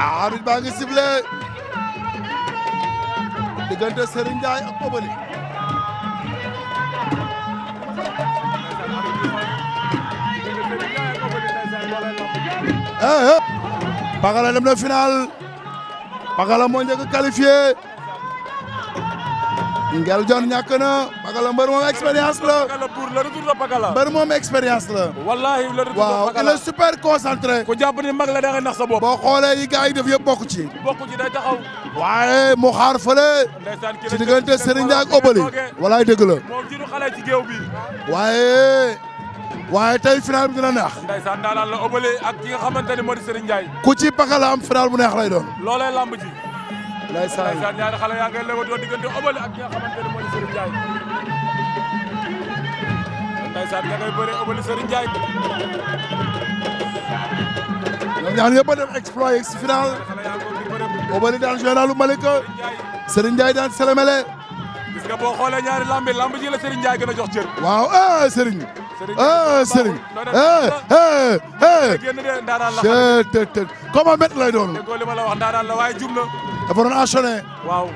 ah arbitre baa ngi sifflé diggante Serigne Ndiaye ak eh, eh. Pakala dem na Pakala moo njëkk a Ngel John ñàkk na Pakala mbër moom expérience la. Pakala pour le mbër moom expérience la. wallaahi le retour de Pakala waaw il est super concentré. ku jàpp ni la da sa bopp. boo xoolee yi gars yi def yëpp bokk ci. bokk ci day taxaw. waaye mu xaar fële. ci diggante Serigne Ndiaye ak Obali. walaay dëgg la. moom ci nu xale géew bi. waaye. waaye tey final bi dina neex. ndeysaan daanaka la Obali ak ki nga xamante ni moo di Serigne Ndiaye. ku ci am final bu neex lay doon. loolee ndeysaan ñaari xale yaa ngi lewatoo diggante Obali ak ki nga xamante ne mooy Serigne Ndiaye ndeysaan da ngay bëre Obali Serigne Ndiaye ñoom ñaar ñëpp a def exploit si final Obali daan généralu Malika Serigne Ndiaye daan Sélémélé gis nga boo xoolee ñaari lambi lamb ji la Serigne Ndiaye gën a jox cër waaw ah Serigne ah Serigne ah ah ah. génn de ndaanaan la xam ne comment mettre lay doon. déggoo li ma la wax ndaanaan la waaye jum na. افرن عشرة واو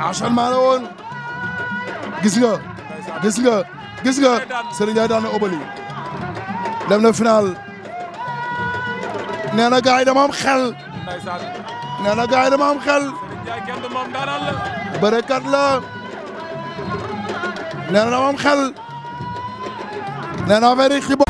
عشرة مالون جزجا جزجا جزجا سرنجا دان اوبلي لمنا فنال نانا قاعدة مام خل نانا قاعدة مام خل بركات لا نانا مام خل نانا فريخي